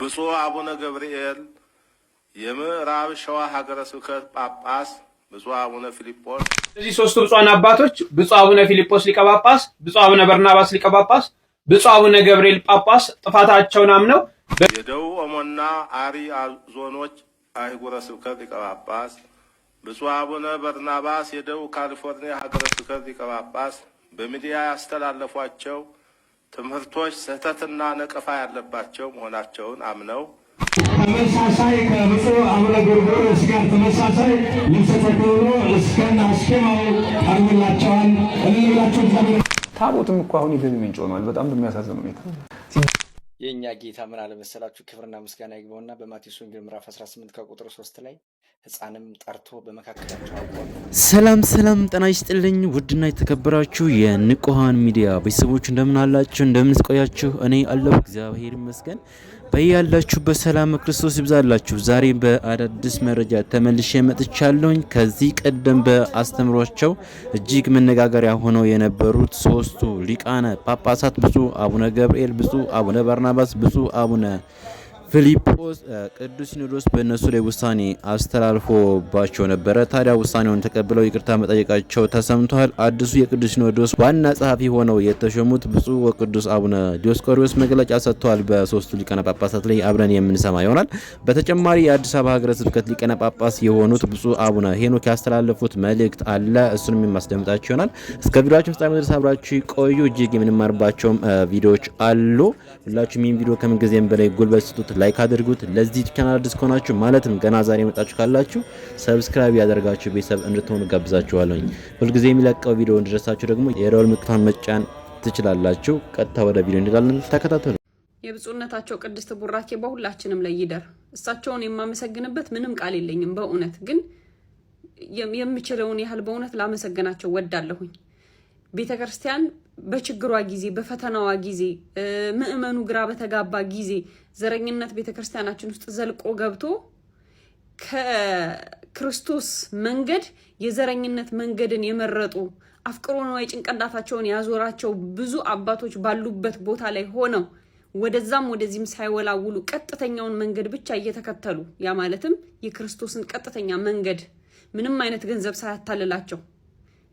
ብፁዕ አቡነ ገብርኤል የምዕራብ ሸዋ ሀገረ ስብከት ጳጳስ፣ ብፁዕ አቡነ ፊልጶስ። እነዚህ ሶስቱ ብፁዓን አባቶች ብፁዕ አቡነ ፊልጶስ ሊቀ ጳጳስ፣ ብፁዕ አቡነ በርናባስ ሊቀ ጳጳስ፣ ብፁዕ አቡነ ገብርኤል ጳጳስ ጥፋታቸውን አምነው የደቡብ ኦሞና አሪ ዞኖች አህጉረ ስብከት ሊቀ ጳጳስ፣ ብፁዕ አቡነ በርናባስ የደቡብ ካሊፎርኒያ ሀገረ ስብከት ሊቀ ጳጳስ በሚዲያ ያስተላለፏቸው ትምህርቶች ስህተትና ነቀፋ ያለባቸው መሆናቸውን አምነው ተመሳሳይ ከብፁዕ አቡነ ጎርጎርዮስ ጋር ተመሳሳይ ልብሰ ተክህኖ እስከና አስኬማው አርምላቸዋል እንላቸው። ታቦትም እኮ አሁን የገቢ ምንጭ ሆኗል። በጣም በሚያሳዝን ሁኔታ የእኛ ጌታ ምን አለመሰላችሁ፣ ክብርና ምስጋና ይግባውና በማቴዎስ ወንጌል ምዕራፍ 18 ከቁጥር 3 ላይ ህፃንም ጠርቶ በመካከላቸው ሰላም ሰላም፣ ጤና ይስጥልኝ። ውድና የተከበራችሁ የንቁሃን ሚዲያ ቤተሰቦች እንደምን አላችሁ? እንደምን ስቆያችሁ? እኔ አለሁ እግዚአብሔር ይመስገን። በያላችሁ በሰላም ክርስቶስ ይብዛላችሁ። ዛሬ በአዳዲስ መረጃ ተመልሼ መጥቻለሁኝ። ከዚህ ቀደም በአስተምሯቸው እጅግ መነጋገሪያ ሆነው የነበሩት ሶስቱ ሊቃነ ጳጳሳት ብፁዕ አቡነ ገብርኤል፣ ብፁዕ አቡነ ባርናባስ፣ ብፁዕ አቡነ ፊሊጶስ ቅዱስ ሲኖዶስ በእነሱ ላይ ውሳኔ አስተላልፎባቸው ነበረ። ታዲያ ውሳኔውን ተቀብለው ይቅርታ መጠየቃቸው ተሰምቷል። አዲሱ የቅዱስ ሲኖዶስ ዋና ጸሐፊ ሆነው የተሾሙት ብፁዕ ወቅዱስ አቡነ ዲዮስቆሪዎስ መግለጫ ሰጥተዋል። በሶስቱ ሊቀነ ጳጳሳት ላይ አብረን የምንሰማ ይሆናል። በተጨማሪ የአዲስ አበባ ሀገረ ስብከት ሊቀነ ጳጳስ የሆኑት ብፁዕ አቡነ ሄኖክ ያስተላለፉት መልእክት አለ። እሱንም የማስደምጣቸው ይሆናል። እስከ ቪዲዮችን ፍጻሜ ድረስ አብራችሁ ቆዩ። እጅግ የምንማርባቸውም ቪዲዮዎች አሉ። ሁላችሁም ይህን ቪዲዮ ከምንጊዜም በላይ ጉልበት ስጡት ላይክ አድርጉት። ለዚህ ቻናል አዲስ ከሆናችሁ ማለትም ገና ዛሬ መጣችሁ ካላችሁ ሰብስክራይብ ያደርጋችሁ ቤተሰብ እንድትሆኑ ጋብዛችኋለሁኝ። ሁልጊዜ የሚለቀው ቪዲዮ እንዲደርሳችሁ ደግሞ የደወል ምልክቷን መጫን ትችላላችሁ። ቀጥታ ወደ ቪዲዮ እንሄዳለን። ተከታተሉ። የብፁዕነታቸው ቅድስት ቡራኬ በሁላችንም ላይ ይደር። እሳቸውን የማመሰግንበት ምንም ቃል የለኝም። በእውነት ግን የምችለውን ያህል በእውነት ላመሰግናቸው ወዳለሁኝ። ቤተ ክርስቲያን በችግሯ ጊዜ በፈተናዋ ጊዜ ምእመኑ ግራ በተጋባ ጊዜ ዘረኝነት ቤተ ክርስቲያናችን ውስጥ ዘልቆ ገብቶ ከክርስቶስ መንገድ የዘረኝነት መንገድን የመረጡ አፍቅሮ ነዋይ ጭንቅላታቸውን ያዞራቸው ብዙ አባቶች ባሉበት ቦታ ላይ ሆነው ወደዛም ወደዚህም ሳይወላውሉ ቀጥተኛውን መንገድ ብቻ እየተከተሉ ያ ማለትም የክርስቶስን ቀጥተኛ መንገድ ምንም አይነት ገንዘብ ሳያታልላቸው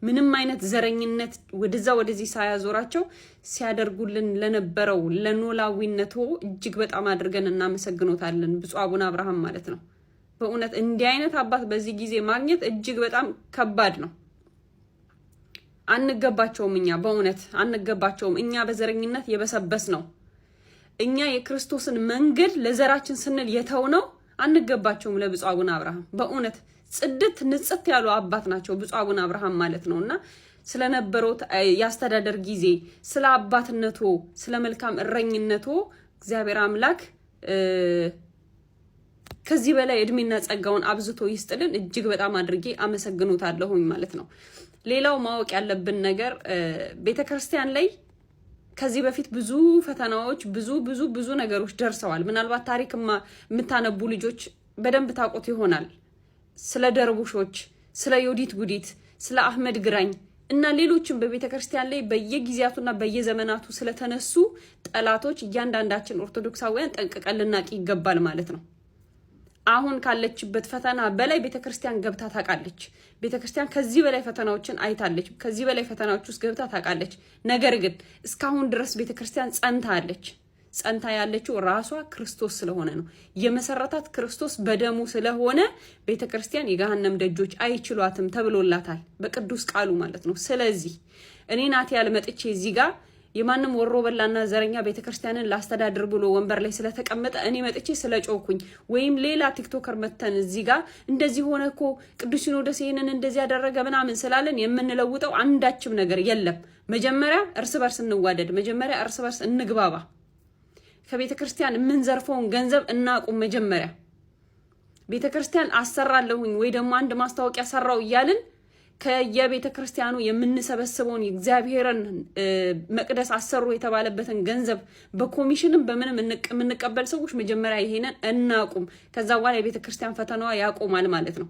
ምንም አይነት ዘረኝነት ወደዛ ወደዚህ ሳያዞራቸው ሲያደርጉልን ለነበረው ለኖላዊነቶ እጅግ በጣም አድርገን እናመሰግኖታለን። ብፁዕ አቡነ አብርሃም ማለት ነው። በእውነት እንዲህ አይነት አባት በዚህ ጊዜ ማግኘት እጅግ በጣም ከባድ ነው። አንገባቸውም። እኛ በእውነት አንገባቸውም። እኛ በዘረኝነት የበሰበስ ነው። እኛ የክርስቶስን መንገድ ለዘራችን ስንል የተው ነው። አንገባቸውም ለብፁዕ አቡነ አብርሃም በእውነት ጽድት ንጽት ያሉ አባት ናቸው ብፁዕ አቡነ አብርሃም ማለት ነው እና ስለነበረው የአስተዳደር ጊዜ ስለ አባትነቶ ስለ መልካም እረኝነቶ እግዚአብሔር አምላክ ከዚህ በላይ እድሜና ጸጋውን አብዝቶ ይስጥልን። እጅግ በጣም አድርጌ አመሰግኖታለሁኝ ማለት ነው። ሌላው ማወቅ ያለብን ነገር ቤተ ክርስቲያን ላይ ከዚህ በፊት ብዙ ፈተናዎች፣ ብዙ ብዙ ብዙ ነገሮች ደርሰዋል። ምናልባት ታሪክማ የምታነቡ ልጆች በደንብ ታውቁት ይሆናል። ስለ ደርቡሾች፣ ስለ ዮዲት ጉዲት፣ ስለ አህመድ ግራኝ እና ሌሎችም በቤተ ክርስቲያን ላይ በየጊዜያቱና በየዘመናቱ ስለተነሱ ጠላቶች እያንዳንዳችን ኦርቶዶክሳውያን ጠንቅቀን ልናቅ ይገባል ማለት ነው። አሁን ካለችበት ፈተና በላይ ቤተ ክርስቲያን ገብታ ታውቃለች። ቤተ ክርስቲያን ከዚህ በላይ ፈተናዎችን አይታለች። ከዚህ በላይ ፈተናዎች ውስጥ ገብታ ታውቃለች። ነገር ግን እስካሁን ድረስ ቤተ ክርስቲያን አለች። ጸንታ ያለችው ራሷ ክርስቶስ ስለሆነ ነው። የመሰረታት ክርስቶስ በደሙ ስለሆነ ቤተ ክርስቲያን የገሃነም ደጆች አይችሏትም ተብሎላታል በቅዱስ ቃሉ ማለት ነው። ስለዚህ እኔ ናት ያልመጥቼ መጥቼ እዚህ ጋር የማንም ወሮ በላና ዘረኛ ቤተ ክርስቲያንን ላስተዳድር ብሎ ወንበር ላይ ስለተቀመጠ እኔ መጥቼ ስለጮኩኝ ወይም ሌላ ቲክቶከር መተን እዚህ ጋር እንደዚህ ሆነ እኮ ቅዱስ ሲኖዶስ ይህንን እንደዚህ ያደረገ ምናምን ስላለን የምንለውጠው አንዳችም ነገር የለም። መጀመሪያ እርስ በርስ እንዋደድ። መጀመሪያ እርስ በርስ እንግባባ። ከቤተ ክርስቲያን የምንዘርፈውን ገንዘብ እናቁም። መጀመሪያ ቤተ ክርስቲያን አሰራለሁኝ ወይ ደግሞ አንድ ማስታወቂያ ሰራው እያልን ከየቤተ ክርስቲያኑ የምንሰበስበውን የእግዚአብሔርን መቅደስ አሰሩ የተባለበትን ገንዘብ በኮሚሽንም በምንም የምንቀበል ሰዎች መጀመሪያ ይሄንን እናቁም። ከዛ በኋላ የቤተ ክርስቲያን ፈተናዋ ያቆማል ማለት ነው።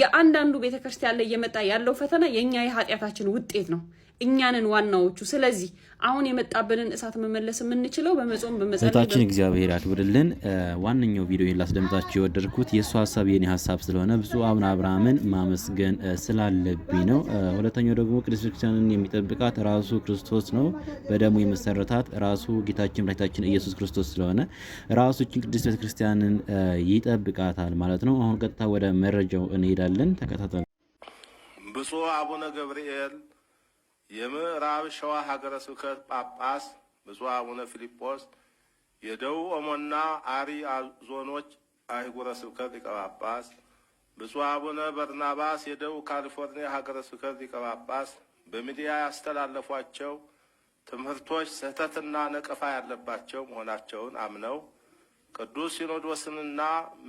የአንዳንዱ ቤተ ክርስቲያን ላይ እየመጣ ያለው ፈተና የእኛ የኃጢአታችን ውጤት ነው። እኛንን ዋናዎቹ። ስለዚህ አሁን የመጣብንን እሳት መመለስ የምንችለው በመጾም በመጸለይ። እግዚአብሔር ያክብርልን። ዋነኛው ቪዲዮ ላስደምጣችሁ የወደድኩት የእሱ ሀሳብ የኔ ሀሳብ ስለሆነ ብፁዕ አቡነ አብርሃምን ማመስገን ስላለብኝ ነው። ሁለተኛው ደግሞ ቅድስት ክርስቲያንን የሚጠብቃት ራሱ ክርስቶስ ነው። በደሙ የመሰረታት ራሱ ጌታችን መድኃኒታችን ኢየሱስ ክርስቶስ ስለሆነ ራሱችን ቅድስት ቤተክርስቲያንን ይጠብቃታል ማለት ነው። አሁን ቀጥታ ወደ መረጃው እንሄዳለን። ተከታተሉ። ብፁዕ አቡነ ገብርኤል የምዕራብ ሸዋ ሀገረ ስብከት ጳጳስ ብፁዕ አቡነ ፊልጶስ፣ የደቡብ ኦሞና አሪ ዞኖች አህጉረ ስብከት ሊቀ ጳጳስ፣ ብፁዕ አቡነ በርናባስ የደቡብ ካሊፎርኒያ ሀገረ ስብከት ሊቀ ጳጳስ በሚዲያ ያስተላለፏቸው ትምህርቶች ስህተትና ነቀፋ ያለባቸው መሆናቸውን አምነው ቅዱስ ሲኖዶስንና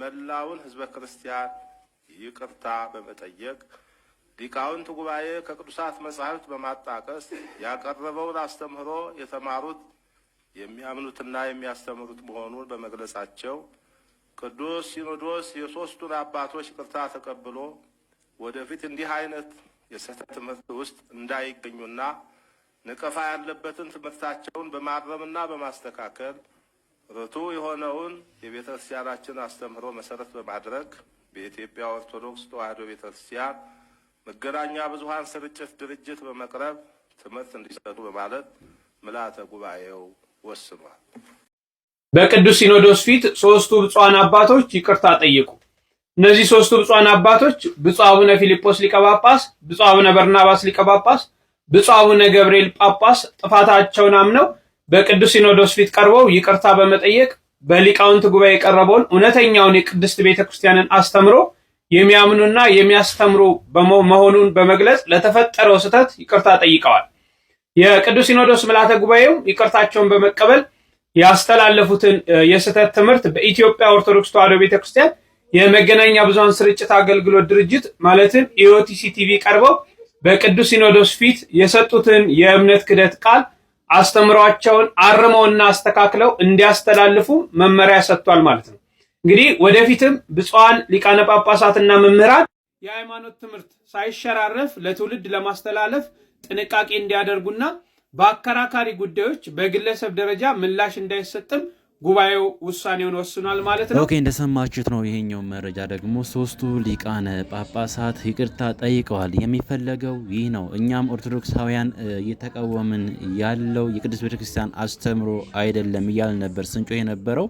መላውን ሕዝበ ክርስቲያን ይቅርታ በመጠየቅ ሊቃውንት ጉባኤ ከቅዱሳት መጻሕፍት በማጣቀስ ያቀረበውን አስተምህሮ የተማሩት የሚያምኑትና የሚያስተምሩት መሆኑን በመግለጻቸው ቅዱስ ሲኖዶስ የሦስቱን አባቶች ቅርታ ተቀብሎ ወደፊት እንዲህ አይነት የስህተት ትምህርት ውስጥ እንዳይገኙና ንቀፋ ያለበትን ትምህርታቸውን በማረምና በማስተካከል ርቱ የሆነውን የቤተ ክርስቲያናችን አስተምህሮ መሰረት በማድረግ በኢትዮጵያ ኦርቶዶክስ ተዋሕዶ ቤተ ክርስቲያን መገናኛ ብዙሃን ስርጭት ድርጅት በመቅረብ ትምህርት እንዲሰጡ በማለት ምላተ ጉባኤው ወስኗል። በቅዱስ ሲኖዶስ ፊት ሶስቱ ብፁዓን አባቶች ይቅርታ ጠየቁ። እነዚህ ሶስቱ ብፁዓን አባቶች ብፁዕ አቡነ ፊልጶስ ሊቀ ጳጳስ፣ ብፁዕ አቡነ በርናባስ ሊቀ ጳጳስ፣ ብፁዕ አቡነ ገብርኤል ጳጳስ ጥፋታቸውን አምነው በቅዱስ ሲኖዶስ ፊት ቀርበው ይቅርታ በመጠየቅ በሊቃውንት ጉባኤ የቀረበውን እውነተኛውን የቅድስት ቤተ ክርስቲያንን አስተምሮ የሚያምኑና የሚያስተምሩ መሆኑን በመግለጽ ለተፈጠረው ስህተት ይቅርታ ጠይቀዋል። የቅዱስ ሲኖዶስ ምልዓተ ጉባኤው ይቅርታቸውን በመቀበል ያስተላለፉትን የስህተት ትምህርት በኢትዮጵያ ኦርቶዶክስ ተዋሕዶ ቤተክርስቲያን የመገናኛ ብዙሃን ስርጭት አገልግሎት ድርጅት ማለትም ኢኦቲሲ ቲቪ ቀርበው በቅዱስ ሲኖዶስ ፊት የሰጡትን የእምነት ክደት ቃል አስተምሯቸውን አርመውና አስተካክለው እንዲያስተላልፉ መመሪያ ሰጥቷል ማለት ነው። እንግዲህ ወደፊትም ብፁዓን ሊቃነ ጳጳሳትና መምህራን የሃይማኖት ትምህርት ሳይሸራረፍ ለትውልድ ለማስተላለፍ ጥንቃቄ እንዲያደርጉና በአከራካሪ ጉዳዮች በግለሰብ ደረጃ ምላሽ እንዳይሰጥም ጉባኤው ውሳኔውን ወስኗል ማለት ነው። ኦኬ እንደሰማችሁት ነው። ይሄኛው መረጃ ደግሞ ሶስቱ ሊቃነ ጳጳሳት ይቅርታ ጠይቀዋል። የሚፈለገው ይህ ነው። እኛም ኦርቶዶክሳውያን እየተቃወምን ያለው የቅዱስ ቤተክርስቲያን አስተምሮ አይደለም እያል ነበር ስንጮ የነበረው።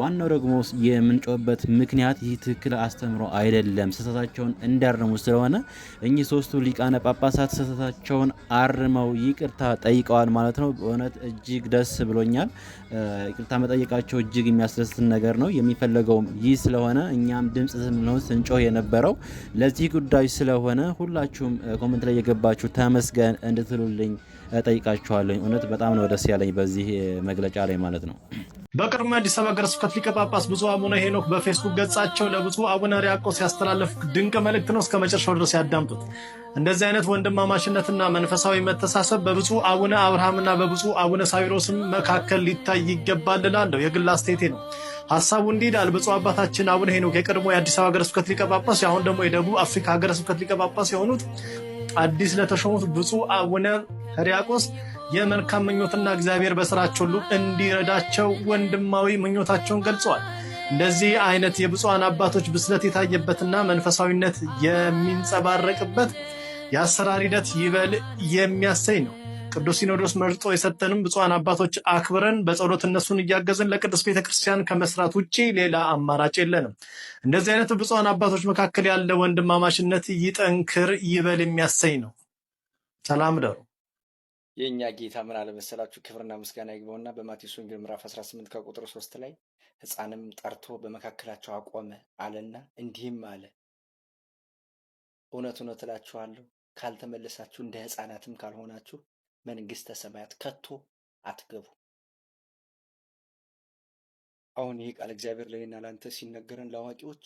ዋናው ደግሞ የምንጮበት ምክንያት ይህ ትክክል አስተምሮ አይደለም፣ ስህተታቸውን እንዲያርሙ ስለሆነ እኚህ ሶስቱ ሊቃነ ጳጳሳት ስህተታቸውን አርመው ይቅርታ ጠይቀዋል ማለት ነው። በእውነት እጅግ ደስ ብሎኛል። ይቅርታ መጠየቃቸው እጅግ የሚያስደስትን ነገር ነው። የሚፈለገውም ይህ ስለሆነ እኛም ድምጽ ስንሆን ስንጮህ የነበረው ለዚህ ጉዳይ ስለሆነ ሁላችሁም ኮመንት ላይ የገባችሁ ተመስገን እንድትሉልኝ ጠይቃችኋለኝ። እውነት በጣም ነው ደስ ያለኝ በዚህ መግለጫ ላይ ማለት ነው። በቅርቡ አዲስ አበባ ሀገረ ስብከት ሊቀ ጳጳስ ብፁዕ አቡነ ሄኖክ በፌስቡክ ገጻቸው ለብፁዕ አቡነ ሪያቆስ ያስተላለፉ ድንቅ መልእክት ነው። እስከ መጨረሻው ድረስ ያዳምጡት። እንደዚህ አይነት ወንድማማችነትና መንፈሳዊ መተሳሰብ በብፁዕ አቡነ አብርሃምና በብፁዕ አቡነ ሳዊሮስም መካከል ሊታይ ይገባል እላለሁ። የግል አስተያየቴ ነው። ሀሳቡ እንዲህ ይላል። ብፁዕ አባታችን አቡነ ሄኖክ የቀድሞ የአዲስ አበባ ሀገረ ስብከት ሊቀ ጳጳስ፣ አሁን ደግሞ የደቡብ አፍሪካ ሀገረ ስብከት ሊቀ ጳጳስ የሆኑት አዲስ ለተሾሙት ብፁዕ አቡነ ሕርያቆስ የመልካም ምኞትና እግዚአብሔር በስራቸው ሁሉ እንዲረዳቸው ወንድማዊ ምኞታቸውን ገልጸዋል። እንደዚህ አይነት የብፁዓን አባቶች ብስለት የታየበትና መንፈሳዊነት የሚንጸባረቅበት የአሰራር ሂደት ይበል የሚያሰኝ ነው። ቅዱስ ሲኖዶስ መርጦ የሰጠንም ብፁዓን አባቶች አክብረን በጸሎት እነሱን እያገዝን ለቅዱስ ቤተክርስቲያን ከመስራት ውጭ ሌላ አማራጭ የለንም። እንደዚህ አይነት ብፁዓን አባቶች መካከል ያለ ወንድማማችነት ይጠንክር ይበል የሚያሰኝ ነው። ሰላም ደሩ። የእኛ ጌታ ምን አለመሰላችሁ፣ ክብርና ምስጋና ይግባውና በማቴዎስ ወንጌል ምዕራፍ 18 ከቁጥር 3 ላይ ሕፃንም ጠርቶ በመካከላቸው አቆመ አለና እንዲህም አለ፣ እውነት እውነት እላችኋለሁ ካልተመለሳችሁ እንደ ሕፃናትም ካልሆናችሁ መንግስተ ሰማያት ከቶ አትገቡ። አሁን ይህ ቃል እግዚአብሔር ለእኔና ለአንተ ሲነገረን ለአዋቂዎች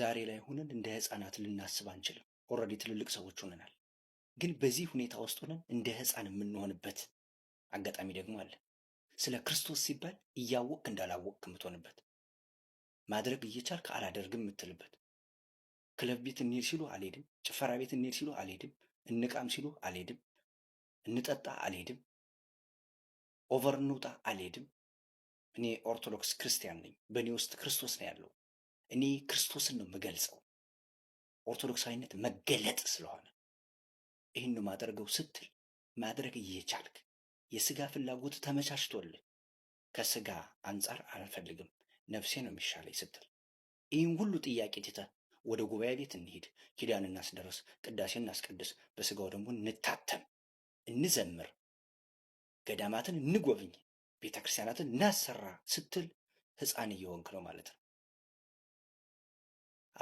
ዛሬ ላይ ሆነን እንደ ህፃናት ልናስብ አንችልም። ኦልሬዲ ትልልቅ ሰዎች ሆነናል። ግን በዚህ ሁኔታ ውስጥ ሆነን እንደ ህፃን የምንሆንበት አጋጣሚ ደግሞ አለ። ስለ ክርስቶስ ሲባል እያወቅ እንዳላወቅ የምትሆንበት ማድረግ እየቻልክ አላደርግም የምትልበት ክለብ ቤት እንሄድ ሲሉ አልሄድም፣ ጭፈራ ቤት እንሄድ ሲሉ አልሄድም፣ እንቃም ሲሉ አልሄድም፣ እንጠጣ አልሄድም፣ ኦቨር እንውጣ አልሄድም። እኔ ኦርቶዶክስ ክርስቲያን ነኝ። በእኔ ውስጥ ክርስቶስ ነው ያለው። እኔ ክርስቶስን ነው የምገልጸው። ኦርቶዶክሳዊነት መገለጥ ስለሆነ ይህን ነው ማደርገው ስትል ማድረግ እየቻልክ የስጋ ፍላጎት ተመቻችቶልህ ከስጋ አንጻር አልፈልግም ነፍሴ ነው የሚሻለኝ ስትል ይህን ሁሉ ጥያቄ ትተህ ወደ ጉባኤ ቤት እንሂድ፣ ኪዳን እናስደረስ ቅዳሴ እናስቀድስ፣ በስጋው ደግሞ እንታተም እንዘምር፣ ገዳማትን እንጎብኝ፣ ቤተ ክርስቲያናትን እናሰራ ስትል ህፃን እየሆንክ ነው ማለት ነው።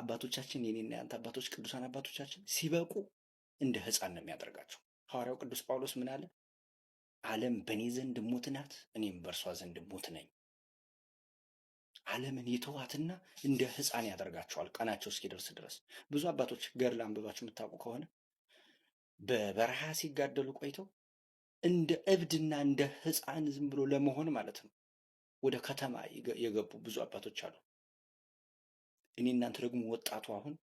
አባቶቻችን የኔና ያንተ አባቶች ቅዱሳን አባቶቻችን ሲበቁ እንደ ህፃን ነው የሚያደርጋቸው። ሐዋርያው ቅዱስ ጳውሎስ ምን አለ? ዓለም በእኔ ዘንድ ሞት ናት፣ እኔም በእርሷ ዘንድ ሞት ነኝ። ዓለምን የተዋትና እንደ ህፃን ያደርጋቸዋል ቀናቸው እስኪደርስ ድረስ። ብዙ አባቶች ገድል አንብባችሁ የምታውቁ ከሆነ በበረሃ ሲጋደሉ ቆይተው እንደ እብድና እንደ ሕፃን ዝም ብሎ ለመሆን ማለት ነው ወደ ከተማ የገቡ ብዙ አባቶች አሉ። እኔ እናንተ ደግሞ ወጣቱ አሁን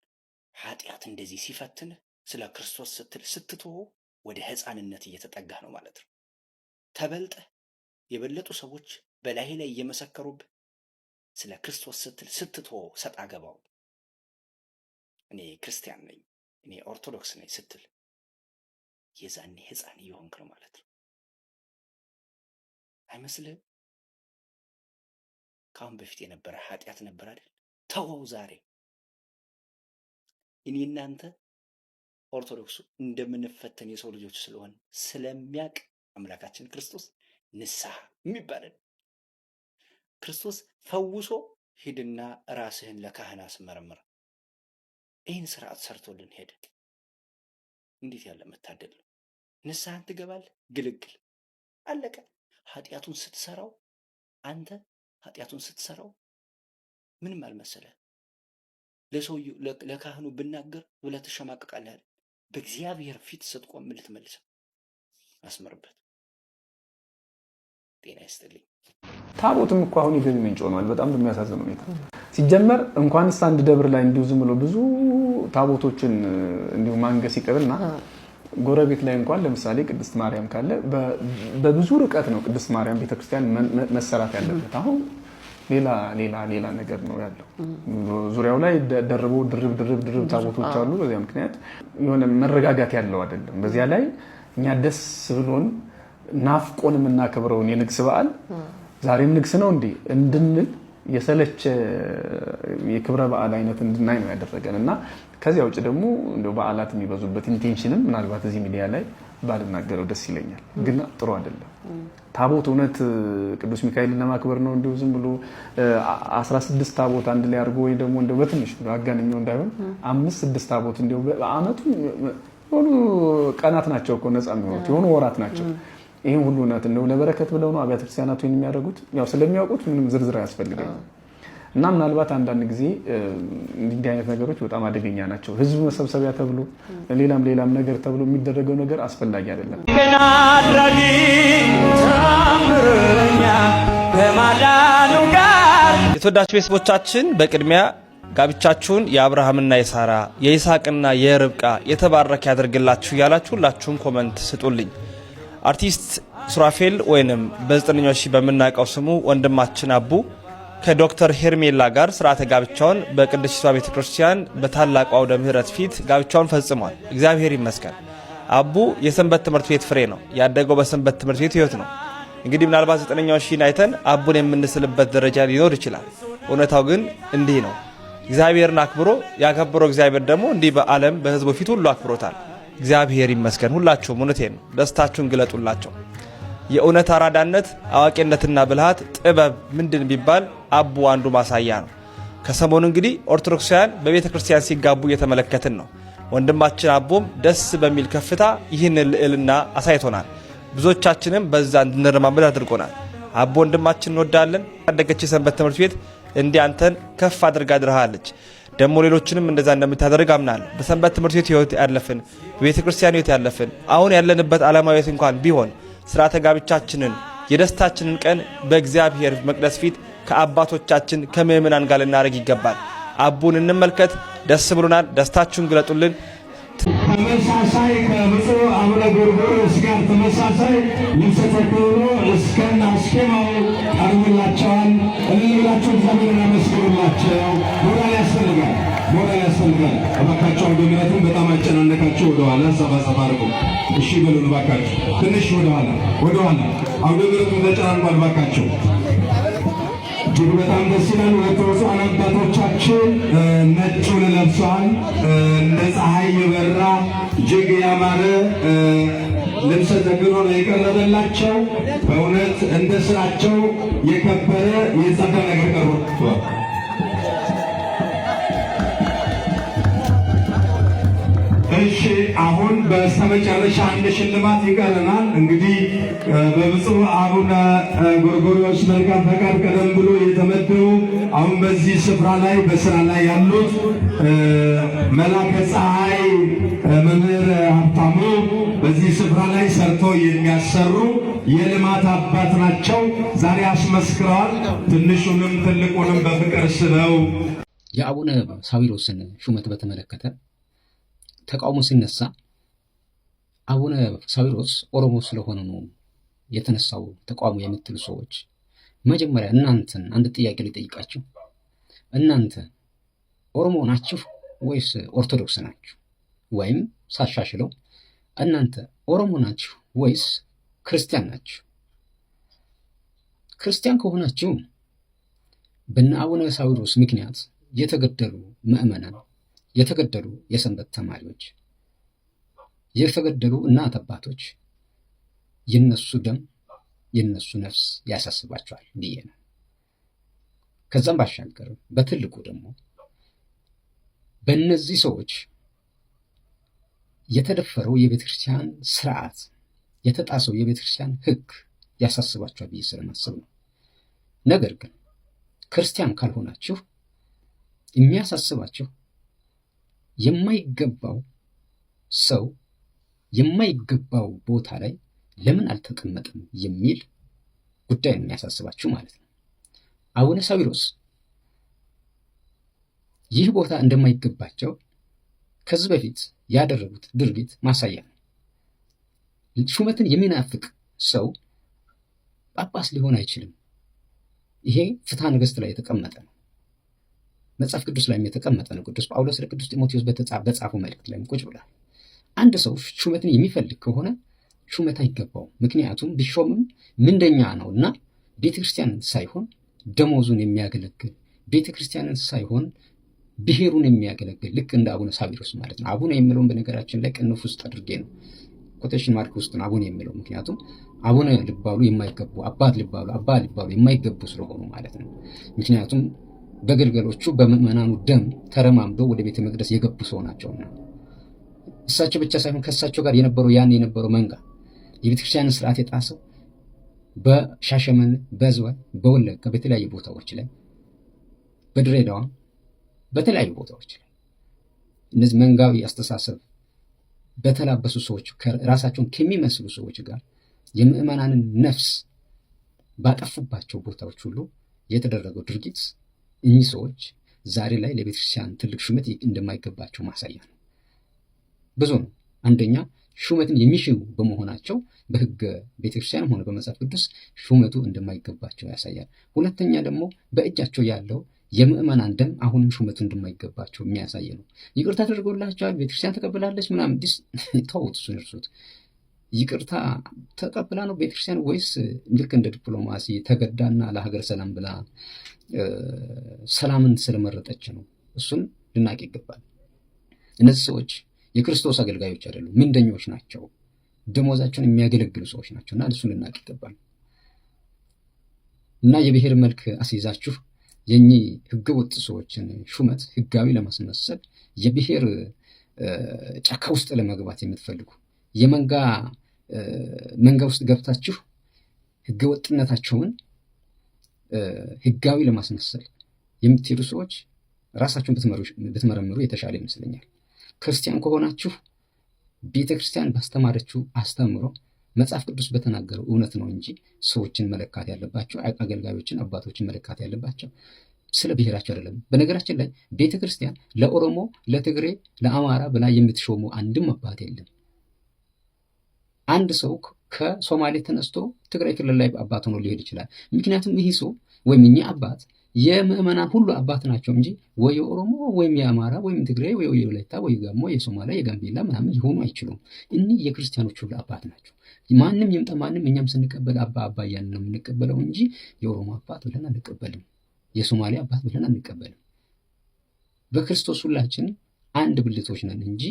ኃጢአት እንደዚህ ሲፈትን ስለ ክርስቶስ ስትል ስትትሆ ወደ ሕፃንነት እየተጠጋህ ነው ማለት ነው። ተበልጠህ የበለጡ ሰዎች በላይ ላይ እየመሰከሩብህ ስለ ክርስቶስ ስትል ስትትሆ ሰጣ ገባው እኔ ክርስቲያን ነኝ እኔ ኦርቶዶክስ ነኝ ስትል የዛኔ ህፃን እየሆንክ ነው ማለት ነው። አይመስልህም? ከአሁን በፊት የነበረ ኃጢአት ነበር አይደል? ተወው። ዛሬ እኔ እናንተ ኦርቶዶክሱ እንደምንፈተን የሰው ልጆች ስለሆን ስለሚያቅ አምላካችን ክርስቶስ ንስሐ የሚባለን ክርስቶስ ፈውሶ ሂድና ራስህን ለካህን አስመርምር፣ ይህን ስርዓት ሰርቶልን ሄደ። እንዴት ያለ መታደል ነው! ንስሐን ትገባል ግልግል አለቀ። ኃጢአቱን ስትሰራው አንተ ኃጢአቱን ስትሰራው ምንም አልመሰለ። ለሰውየው ለካህኑ ብናገር ብለህ ትሸማቀቃለህ። በእግዚአብሔር ፊት ስትቆም ምን ልትመልሰው? አስመርበት። ጤና ይስጥልኝ። ታቦትም እኮ አሁን የገቢ ምንጭ ሆኗል። በጣም በሚያሳዝን ሁኔታ ሲጀመር እንኳንስ አንድ ደብር ላይ እንዲሁ ዝም ብሎ ብዙ ታቦቶችን እንዲሁ ማንገስ ይቅርና ጎረቤት ላይ እንኳን ለምሳሌ ቅድስት ማርያም ካለ በብዙ ርቀት ነው ቅድስት ማርያም ቤተክርስቲያን መሰራት ያለበት። አሁን ሌላ ሌላ ሌላ ነገር ነው ያለው። ዙሪያው ላይ ደርቦ ድርብ ድርብ ድርብ ታቦቶች አሉ። በዚያ ምክንያት የሆነ መረጋጋት ያለው አይደለም። በዚያ ላይ እኛ ደስ ብሎን ናፍቆን የምናከብረውን የንግስ በዓል ዛሬም ንግስ ነው እንዲህ እንድንል የሰለቸ የክብረ በዓል አይነት እንድናይ ነው ያደረገን እና ከዚያ ውጭ ደግሞ በዓላት የሚበዙበት ኢንቴንሽንም ምናልባት እዚህ ሚዲያ ላይ ባልናገረው ደስ ይለኛል፣ ግን ጥሩ አይደለም። ታቦት እውነት ቅዱስ ሚካኤልን ለማክበር ነው እንዲሁ ዝም ብሎ 16 ታቦት አንድ ላይ አድርጎ ወይ ደግሞ እንደው በትንሽ አጋንኛው እንዳይሆን አምስት ስድስት ታቦት እንዲሁ በአመቱ የሆኑ ቀናት ናቸው እኮ ነፃ የሚሆኑት የሆኑ ወራት ናቸው። ይህን ሁሉ እውነት እንደው ለበረከት ብለው ነው አብያተ ክርስቲያናቱ የሚያደርጉት። ያው ስለሚያውቁት ምንም ዝርዝር አያስፈልግም። እና ምናልባት አንዳንድ ጊዜ እንዲህ አይነት ነገሮች በጣም አደገኛ ናቸው። ህዝብ መሰብሰቢያ ተብሎ ሌላም ሌላም ነገር ተብሎ የሚደረገው ነገር አስፈላጊ አይደለም። ገና አድራጊ ተአምረኛ ከማዳኑ ጋር የተወዳችሁ ቤተሰቦቻችን በቅድሚያ ጋብቻችሁን የአብርሃምና የሳራ የይስሐቅና የርብቃ የተባረከ ያደርግላችሁ እያላችሁ ሁላችሁም ኮመንት ስጡልኝ። አርቲስት ሱራፌል ወይንም በዘጠነኛው ሺህ በምናውቀው ስሙ ወንድማችን አቡ ከዶክተር ሄርሜላ ጋር ስርዓተ ጋብቻውን በቅድስት ሷ ቤተ ክርስቲያን በታላቁ አውደ ምሕረት ፊት ጋብቻውን ፈጽሟል። እግዚአብሔር ይመስገን። አቡ የሰንበት ትምህርት ቤት ፍሬ ነው። ያደገው በሰንበት ትምህርት ቤት ህይወት ነው። እንግዲህ ምናልባት ዘጠነኛው ሺህን አይተን አቡን የምንስልበት ደረጃ ሊኖር ይችላል። እውነታው ግን እንዲህ ነው። እግዚአብሔርን አክብሮ ያከብረው እግዚአብሔር ደግሞ እንዲህ በዓለም በህዝቡ ፊት ሁሉ አክብሮታል። እግዚአብሔር ይመስገን። ሁላችሁም እውነቴን ነው፣ ደስታችሁን ግለጡላቸው። የእውነት አራዳነት፣ አዋቂነትና ብልሃት፣ ጥበብ ምንድን ቢባል አቡ አንዱ ማሳያ ነው። ከሰሞኑ እንግዲህ ኦርቶዶክሳውያን በቤተ ክርስቲያን ሲጋቡ እየተመለከትን ነው። ወንድማችን አቦም ደስ በሚል ከፍታ ይህን ልዕልና አሳይቶናል። ብዙዎቻችንም በዛ እንድንረማመድ አድርጎናል። አቦ ወንድማችን እንወዳለን። ያደገች የሰንበት ትምህርት ቤት እንዲህ አንተን ከፍ አድርጋ አድርሃለች። ደግሞ ሌሎችንም እንደዛ እንደምታደርግ አምናል። በሰንበት ትምህርት ቤት ህይወት ያለፍን፣ በቤተ ክርስቲያን ህይወት ያለፍን አሁን ያለንበት ዓላማዊ ቤት እንኳን ቢሆን ስርዓተ ጋብቻችንን የደስታችንን ቀን በእግዚአብሔር መቅደስ ፊት ከአባቶቻችን ከምእምናን ጋር ልናደርግ ይገባል። አቡን እንመልከት። ደስ ብሎናል። ደስታችሁን ግለጡልን። ተመሳሳይ ከብፁዕ አቡነ ጎርጎርዮስ ጋር ተመሳሳይ ልብሰ ተክህኖ እስከ አስኬማው እሌላቸው እግዚአብሔርን አመስግኑላቸው። ሞራል ያስፈልጋል፣ ሞራል ያስፈልጋል። እባካቸው አውዶሚነትን በጣም አጨናነቃቸው። ወደኋላ ሰባ ሰባ አድርጎ እሺ በሉን እባካቸው፣ ትንሽ ወደኋላ ወደኋላ። አውዶሚነቱን ተጨናንቋል እባካቸው። እጅግ በጣም ደስ ይላል። ሁለት ብፁዓን አባቶቻችን ነጩን ለብሰዋል። እንደ ፀሐይ የበራ እጅግ ያማረ ልብሰ ተክህኖ ነው የቀረበላቸው። በእውነት እንደ ስራቸው የከበረ የጸፈ በስተመጨረሻ አንድ ሽልማት ይቀረናል። እንግዲህ በብፁዕ አቡነ ጎርጎርዮስ መልካም ፈቃድ ቀደም ብሎ የተመደቡ አሁን በዚህ ስፍራ ላይ በስራ ላይ ያሉት መላከ ፀሐይ መምህር ሀብታሙ በዚህ ስፍራ ላይ ሰርቶ የሚያሰሩ የልማት አባት ናቸው። ዛሬ አስመስክረዋል። ትንሹንም ትልቁንም በፍቅር ስለው የአቡነ ሳዊሮስን ሹመት በተመለከተ ተቃውሞ ሲነሳ አቡነ ሳዊሮስ ኦሮሞ ስለሆነ ነው የተነሳው ተቋሙ የምትሉ ሰዎች መጀመሪያ እናንተን አንድ ጥያቄ ሊጠይቃችሁ፣ እናንተ ኦሮሞ ናችሁ ወይስ ኦርቶዶክስ ናችሁ? ወይም ሳሻሽለው እናንተ ኦሮሞ ናችሁ ወይስ ክርስቲያን ናችሁ? ክርስቲያን ከሆናችሁ በነ አቡነ ሳዊሮስ ምክንያት የተገደሉ ምዕመናን፣ የተገደሉ የሰንበት ተማሪዎች የተገደሉ እናት አባቶች የነሱ ደም የነሱ ነፍስ ያሳስባቸዋል ብዬ ነው። ከዛም ባሻገር በትልቁ ደግሞ በእነዚህ ሰዎች የተደፈረው የቤተክርስቲያን ስርዓት የተጣሰው የቤተክርስቲያን ሕግ ያሳስባቸዋል ብዬ ስለማስብ ነው። ነገር ግን ክርስቲያን ካልሆናችሁ የሚያሳስባችሁ የማይገባው ሰው የማይገባው ቦታ ላይ ለምን አልተቀመጠም የሚል ጉዳይ ነው የሚያሳስባችሁ ማለት ነው። አቡነ ሳዊሮስ ይህ ቦታ እንደማይገባቸው ከዚህ በፊት ያደረጉት ድርጊት ማሳያ ነው። ሹመትን የሚናፍቅ ሰው ጳጳስ ሊሆን አይችልም። ይሄ ፍትሐ ነገሥት ላይ የተቀመጠ ነው። መጽሐፍ ቅዱስ ላይም የተቀመጠ ነው። ቅዱስ ጳውሎስ ለቅዱስ ጢሞቴዎስ በጻፈው መልእክት ላይም ቁጭ ብሏል። አንድ ሰው ሹመትን የሚፈልግ ከሆነ ሹመት አይገባው። ምክንያቱም ቢሾምም ምንደኛ ነው እና ቤተ ክርስቲያንን ሳይሆን ደሞዙን የሚያገለግል ቤተ ክርስቲያንን ሳይሆን ብሔሩን የሚያገለግል ልክ እንደ አቡነ ሳቢሮስ ማለት ነው። አቡነ የሚለውን በነገራችን ላይ ቅንፍ ውስጥ አድርጌ ነው ኮቴሽን ማርክ ውስጥ ነው አቡነ የሚለው ምክንያቱም አቡነ ልባሉ የማይገቡ አባት ልባሉ አባ ልባሉ የማይገቡ ስለሆኑ ማለት ነው። ምክንያቱም በገልገሎቹ በምዕመናኑ ደም ተረማምዶ ወደ ቤተ መቅደስ የገቡ ሰው ናቸውና እሳቸው ብቻ ሳይሆን ከእሳቸው ጋር የነበረው ያን የነበረው መንጋ የቤተክርስቲያንን ስርዓት የጣሰው በሻሸመን በዝዋይ፣ በወለጋ በተለያዩ ቦታዎች ላይ በድሬዳዋ በተለያዩ ቦታዎች ላይ እነዚህ መንጋዊ አስተሳሰብ በተላበሱ ሰዎች ራሳቸውን ከሚመስሉ ሰዎች ጋር የምዕመናንን ነፍስ ባጠፉባቸው ቦታዎች ሁሉ የተደረገው ድርጊት እኚህ ሰዎች ዛሬ ላይ ለቤተክርስቲያን ትልቅ ሹመት እንደማይገባቸው ማሳያ ነው። ብዙ ነው። አንደኛ ሹመትን የሚሽሩ በመሆናቸው በህገ ቤተክርስቲያንም ሆነ በመጽሐፍ ቅዱስ ሹመቱ እንደማይገባቸው ያሳያል። ሁለተኛ ደግሞ በእጃቸው ያለው የምዕመናን ደም አሁንም ሹመቱ እንደማይገባቸው የሚያሳይ ነው። ይቅርታ ተደርጎላቸዋል፣ ቤተክርስቲያን ተቀብላለች ምናምን ዲስ ተውት፣ እሱን እርሱት። ይቅርታ ተቀብላ ነው ቤተክርስቲያን ወይስ ልክ እንደ ዲፕሎማሲ ተገዳና ለሀገር ሰላም ብላ ሰላምን ስለመረጠች ነው? እሱን ልናቅ ይገባል። እነዚህ ሰዎች የክርስቶስ አገልጋዮች አይደሉም፣ ምንደኞች ናቸው። ደሞዛቸውን የሚያገለግሉ ሰዎች ናቸው እና እሱን ልናቅ ይገባል። እና የብሔር መልክ አስይዛችሁ የኚህ ህገወጥ ሰዎችን ሹመት ህጋዊ ለማስመሰል የብሔር ጫካ ውስጥ ለመግባት የምትፈልጉ የመንጋ መንጋ ውስጥ ገብታችሁ ህገወጥነታቸውን ህጋዊ ለማስመሰል የምትሄዱ ሰዎች ራሳችሁን ብትመረምሩ የተሻለ ይመስለኛል። ክርስቲያን ከሆናችሁ ቤተ ክርስቲያን ባስተማረችው አስተምሮ መጽሐፍ ቅዱስ በተናገረው እውነት ነው እንጂ ሰዎችን መለካት ያለባቸው አገልጋዮችን፣ አባቶችን መለካት ያለባቸው ስለ ብሔራቸው አይደለም። በነገራችን ላይ ቤተ ክርስቲያን ለኦሮሞ፣ ለትግሬ፣ ለአማራ ብላ የምትሾሙ አንድም አባት የለም። አንድ ሰው ከሶማሌ ተነስቶ ትግራይ ክልል ላይ አባት ሆኖ ሊሄድ ይችላል። ምክንያቱም ይህ ሰው ወይም እኚህ አባት የምዕመናን ሁሉ አባት ናቸው እንጂ ወይ የኦሮሞ ወይም የአማራ ወይም ትግራይ ወይ የወላይታ ወይ ጋሞ የሶማሊያ የጋምቤላ ምናምን ሊሆኑ አይችሉም። እኒህ የክርስቲያኖች ሁሉ አባት ናቸው። ማንም ይምጣ ማንም፣ እኛም ስንቀበል አባ አባ እያልን ነው የምንቀበለው እንጂ የኦሮሞ አባት ብለን አንቀበልም። የሶማሊያ አባት ብለን አንቀበልም። በክርስቶስ ሁላችን አንድ ብልቶች ነን እንጂ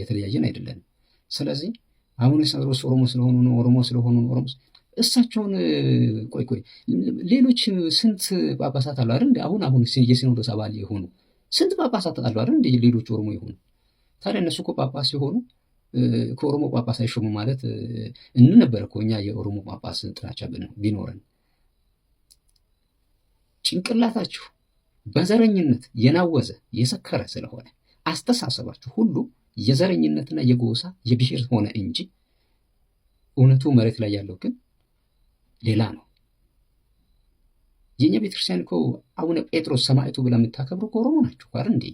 የተለያየን አይደለንም። ስለዚህ አቡነ ሳዊሮስ ኦሮሞ ስለሆኑ ነው ኦሮሞ ስለሆኑ ነው እሳቸውን ቆይ ቆይ ሌሎች ስንት ጳጳሳት አሉ አይደል? አሁን አሁን የሲኖዶስ አባል የሆኑ ስንት ጳጳሳት አሉ አይደል? ሌሎች ኦሮሞ የሆኑ ታዲያ እነሱ እኮ ጳጳስ ሲሆኑ ከኦሮሞ ጳጳስ አይሾሙ ማለት እንነበረ እኮ እኛ የኦሮሞ ጳጳስ ጥላቻ ቢኖረን ጭንቅላታችሁ በዘረኝነት የናወዘ የሰከረ ስለሆነ አስተሳሰባችሁ ሁሉ የዘረኝነትና የጎሳ የብሔር ሆነ እንጂ እውነቱ መሬት ላይ ያለው ግን ሌላ ነው። የእኛ ቤተክርስቲያን እኮ አቡነ ጴጥሮስ ሰማዕቱ ብላ የምታከብሩ ኦሮሞ ናቸው ጋር እንዴ?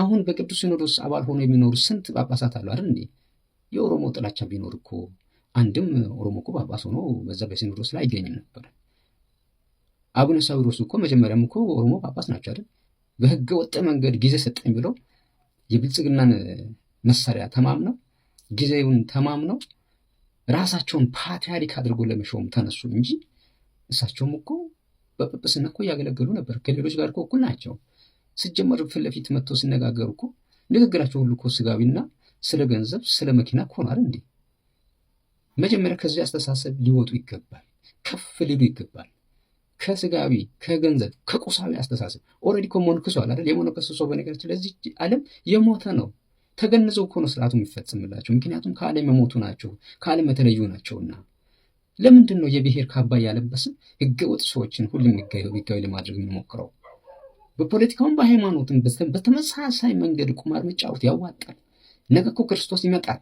አሁን በቅዱስ ሲኖዶስ አባል ሆኖ የሚኖሩ ስንት ጳጳሳት አሉ አይደል እንዴ? የኦሮሞ ጥላቻ ቢኖር እኮ አንድም ኦሮሞ እኮ ጳጳስ ሆኖ በዛ በሲኖዶስ ላይ አይገኝም ነበር። አቡነ ሳዊሮስ እኮ መጀመሪያም እኮ ኦሮሞ ጳጳስ ናቸው አይደል? በህገ ወጥ መንገድ ጊዜ ሰጠኝ ብለው የብልጽግናን መሳሪያ ተማምነው ጊዜውን ተማምነው ራሳቸውን ፓትሪያሪክ አድርጎ ለመሾም ተነሱ እንጂ እሳቸውም እኮ በጵጵስና እኮ እያገለገሉ ነበር። ከሌሎች ጋር እኮ እኩል ናቸው። ስጀመር ፊት ለፊት መጥተው ሲነጋገሩ እኮ ንግግራቸው ሁሉ እኮ ስጋዊና ስለ ገንዘብ ስለ መኪና ሆኗል እንዴ? መጀመሪያ ከዚህ አስተሳሰብ ሊወጡ ይገባል። ከፍ ሊሉ ይገባል። ከስጋዊ ከገንዘብ ከቁሳዊ አስተሳሰብ ኦልሬዲ እኮ ሞንክሷል አይደል? የሞነከሱ ሰው በነገራችን ለዚህ ዓለም የሞተ ነው። ተገንዘው እኮ ነው ስርዓቱ የሚፈጽምላቸው። ምክንያቱም ከዓለም የሞቱ ናቸው፣ ከዓለም የተለዩ ናቸውና። ለምንድን ነው የብሔር ካባ ያለበስን ህገወጥ ሰዎችን ሁሉም ህጋዊ ለማድረግ የሚሞክረው? በፖለቲካውም በሃይማኖትም በተመሳሳይ መንገድ ቁማር መጫወት ያዋጣል። ነገ እኮ ክርስቶስ ይመጣል።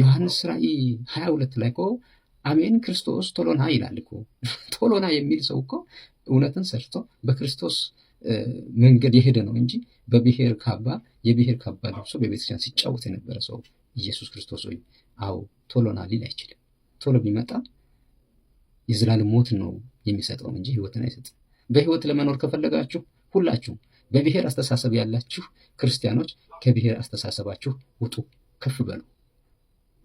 ዮሐንስ ራእይ 22 ላይ እኮ አሜን ክርስቶስ ቶሎና ይላል እኮ። ቶሎና የሚል ሰው እኮ እውነትን ሰርቶ በክርስቶስ መንገድ የሄደ ነው እንጂ በብሔር ካባ የብሔር ካባ ለብሶ በቤተክርስቲያን ሲጫወት የነበረ ሰው ኢየሱስ ክርስቶስ ወይ አዎ ቶሎና ሊል አይችልም። ቶሎ ቢመጣ የዘላለም ሞት ነው የሚሰጠው እንጂ ህይወትን አይሰጥም። በህይወት ለመኖር ከፈለጋችሁ ሁላችሁም በብሔር አስተሳሰብ ያላችሁ ክርስቲያኖች ከብሔር አስተሳሰባችሁ ውጡ፣ ከፍ በሉ።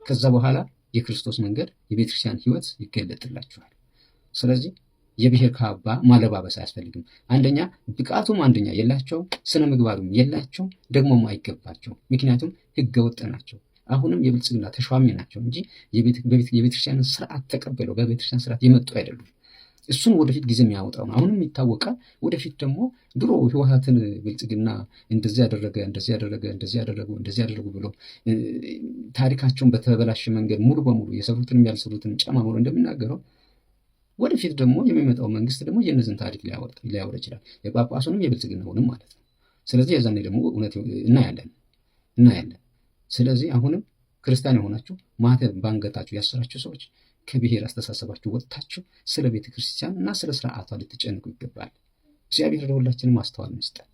ከዛ በኋላ የክርስቶስ መንገድ የቤተክርስቲያን ህይወት ይገለጥላችኋል። ስለዚህ የብሔር ካባ ማለባበስ አያስፈልግም። አንደኛ ብቃቱም አንደኛ የላቸው፣ ስነ ምግባሩም የላቸው፣ ደግሞም አይገባቸው። ምክንያቱም ህገ ወጥ ናቸው። አሁንም የብልጽግና ተሿሚ ናቸው እንጂ የቤተክርስቲያንን ስርዓት ተቀብለው በቤተክርስቲያን ስርዓት የመጡ አይደሉም። እሱን ወደፊት ጊዜ የሚያወጣው ነው። አሁንም ይታወቃል። ወደፊት ደግሞ ድሮ ህወሓትን ብልጽግና እንደዚህ ያደረገ እንደዚህ ያደረገ እንደዚህ ያደረጉ እንደዚህ ያደረጉ ብሎ ታሪካቸውን በተበላሸ መንገድ ሙሉ በሙሉ የሰሩትንም ያልሰሩትን ጨማምሮ እንደሚናገረው ወደፊት ደግሞ የሚመጣው መንግስት ደግሞ የእነዚህን ታሪክ ሊያወር ይችላል። የጳጳሱንም የብልጽግናውንም ማለት ነው። ስለዚህ የዛኔ ደግሞ እውነት እናያለን እናያለን። ስለዚህ አሁንም ክርስቲያን የሆናችሁ ማተብ ባንገታችሁ ያሰራችሁ ሰዎች ከብሔር አስተሳሰባችሁ ወጥታችሁ ስለ ቤተ ክርስቲያን እና ስለ ስርዓቷ ልትጨንቁ ይገባል። እግዚአብሔር ለሁላችንም ማስተዋል መስጠን